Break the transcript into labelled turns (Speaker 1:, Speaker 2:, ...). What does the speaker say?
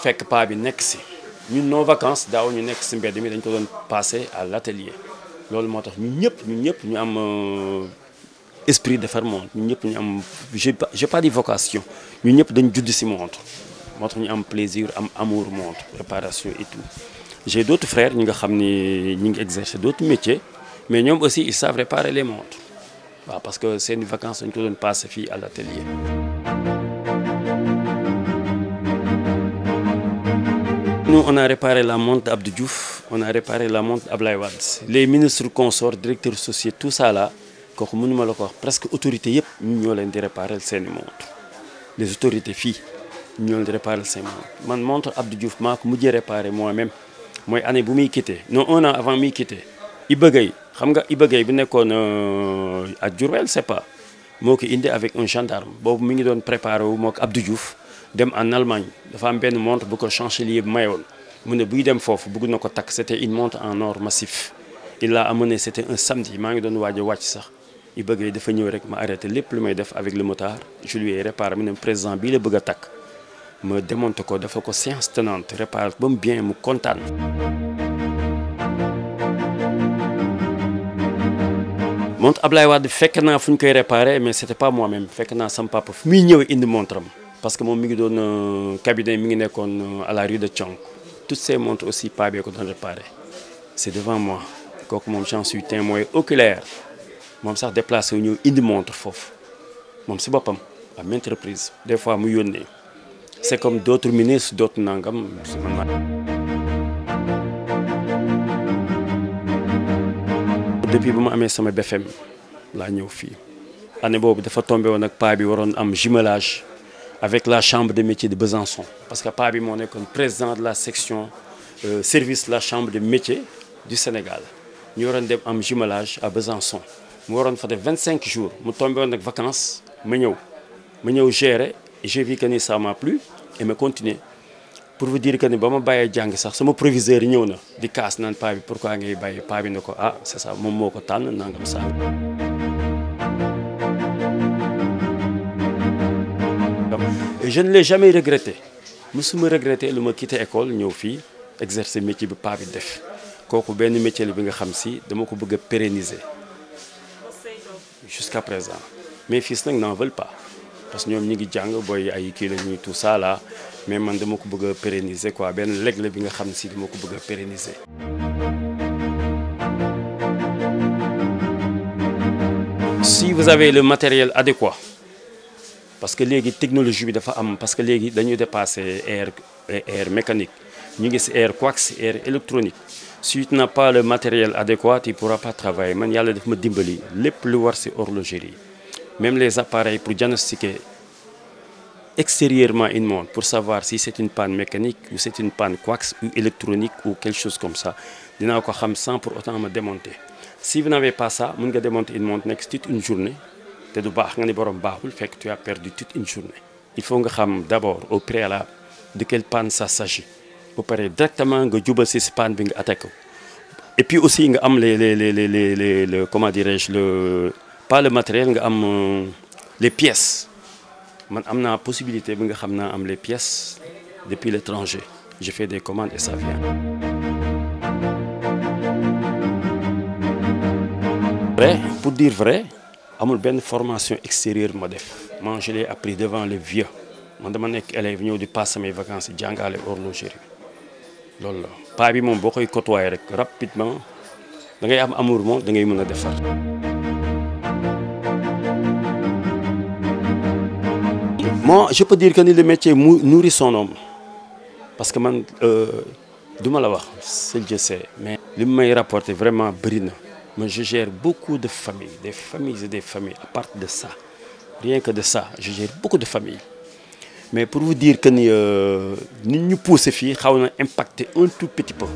Speaker 1: fekk paa bi nekk si ñun nos vacances daaw ñu nekk si mbedd mi dañ ko à l'atelier loolu moo tax ñun ñëpp ñun ñu am euh, esprit de faire monde ñun ñëpp ñu am j'ai pas dit vocation ñun ñëpp dañ judd si monde montre, tax ñu am plaisir am amour monde préparation et tout j'ai d'autres frères ñi nga xam ñi ngi exercer d'autres métiers mais nous aussi ils savent réparer les montres parce que c'est vacances vacance, ko doon passer à l'atelier Nous, on a réparé la montre Abdou on a réparé la montre Ablaye Wad. Les ministres consorts, directeurs associés, tout ça là, comme nous presque autorités, nous avons réparé ces montre. Les autorités filles, nous avons réparé ces montre. Ma montre Abdou Diouf, je l'ai réparé moi-même. Moi, année où je quitté, non, un an avant de quitter, Ibagay, xam nga Iba Gueye bi nekkoon euh, à ne c'est pas Je suis indi avec un gendarme je mi ngi doon préparé wu dem en Allemagne dafa am ben montre bu ko chancelier bi mayoon mu ne buy dem fofu bëgg na ko une montre en or massif il l'a amené c'était un samedi maa ngi doon waaj a wàcc il yu bëggee dafa ñew rek ma arrêté lepp lu may def avec le motard je lui ai réparé mu ne président bii la bëgg tak takk ma démonté ko dafa ko science tenante réparé ba bien mu contane montre Ablaye Wade fekk na fuñ koy réparer mais c'était pas moi même fekk na sam papa mi ñew ñëwee indi montre parce que mon ngi le cabinet mi euh, à la rue de Thionk toutes ces montres aussi pas que ko le réparé c'est devant moi Quand mon j'en suis témoin oculaire moom sax déplacé wu montre fauve. moom si à des fois mu c'est comme d'autres ministres d'autres nangam depuis que je suis sama BFM laa ñëw fii année boobu dafa tombé woon ak paa un jumelage avec la chambre des métiers de Besançon parce que Pabi est le président de la section euh, service de la chambre des métiers du Sénégal Nous avons dem jumelage à Besançon Nous avons fait 25 jours Nous sommes tombés en vacances ma suis ma gérer j'ai vu que ça m'a plu et je continuer pour vous dire que ni ba ma bàyyee C'est sax sama proviseur ñëw na di pourquoi ngay bàyyi paa bi ah c'est ça mon mot ko je ne l'ai jamais regretté me regretté lu ma quitté école ñëw fii exercer métier bi paa bi def kooku benn métier la bi nga xam si dama ko bëgg pérenniser jusqu'à présent mes fils nag n'en veulent pas parce que ñoom ñi ngi jàng booy ay kii ñuy tout ça là mais man dama ko bëgg a pérenniser quoi benn leg la bi nga xam si dama ko bëgg pérenniser si vous avez le matériel adéquat parce que les technologies, de dafa parce que les dañuy dépassé air air mécanique Nous avons air coax air électronique si tu n'as pas le matériel adéquat tu pourras pas travailler man y a ma dimbali le lu war horlogerie même les appareils pour diagnostiquer extérieurement une montre pour savoir si c'est une panne mécanique ou c'est une panne coax ou électronique ou quelque chose comme ça je ko xam sans pour autant me démonter si vous n'avez pas ça vous nga démonter une montre toute une journée te du baax nga ni borom tu as perdu toute une journée il faut nga xam d'abord au préalable de quelle panne ça s'agit ba pare directement nga jubal si si panne bi nga et puis aussi nga am les les les les les le comment dirais-je le pas le matériel nga am euh, les pièces man am la possibilité bi nga am les pièces depuis l'étranger je fais des commandes et ça vient. vrai pour dire vrai amul ben formation extérieure ma def man je l'ai appris devant les vieux man dama elle élèves venue di passer mes vacances jangale horlogerie loolu la pa bi mom boo koy côtoyé rek rapidement da ngay am amour moom da ngay mëna a moi je peux dire que le métier nourrit son homme parce que man euh, du duma la wax seul je sais mais li may rapporter vraiment brillant. Mais je gère beaucoup de familles, des familles et des familles, à part de ça. Rien que de ça, je gère beaucoup de familles. Mais pour vous dire que nous, euh, nous poussons, nous avons impacté un tout petit peu.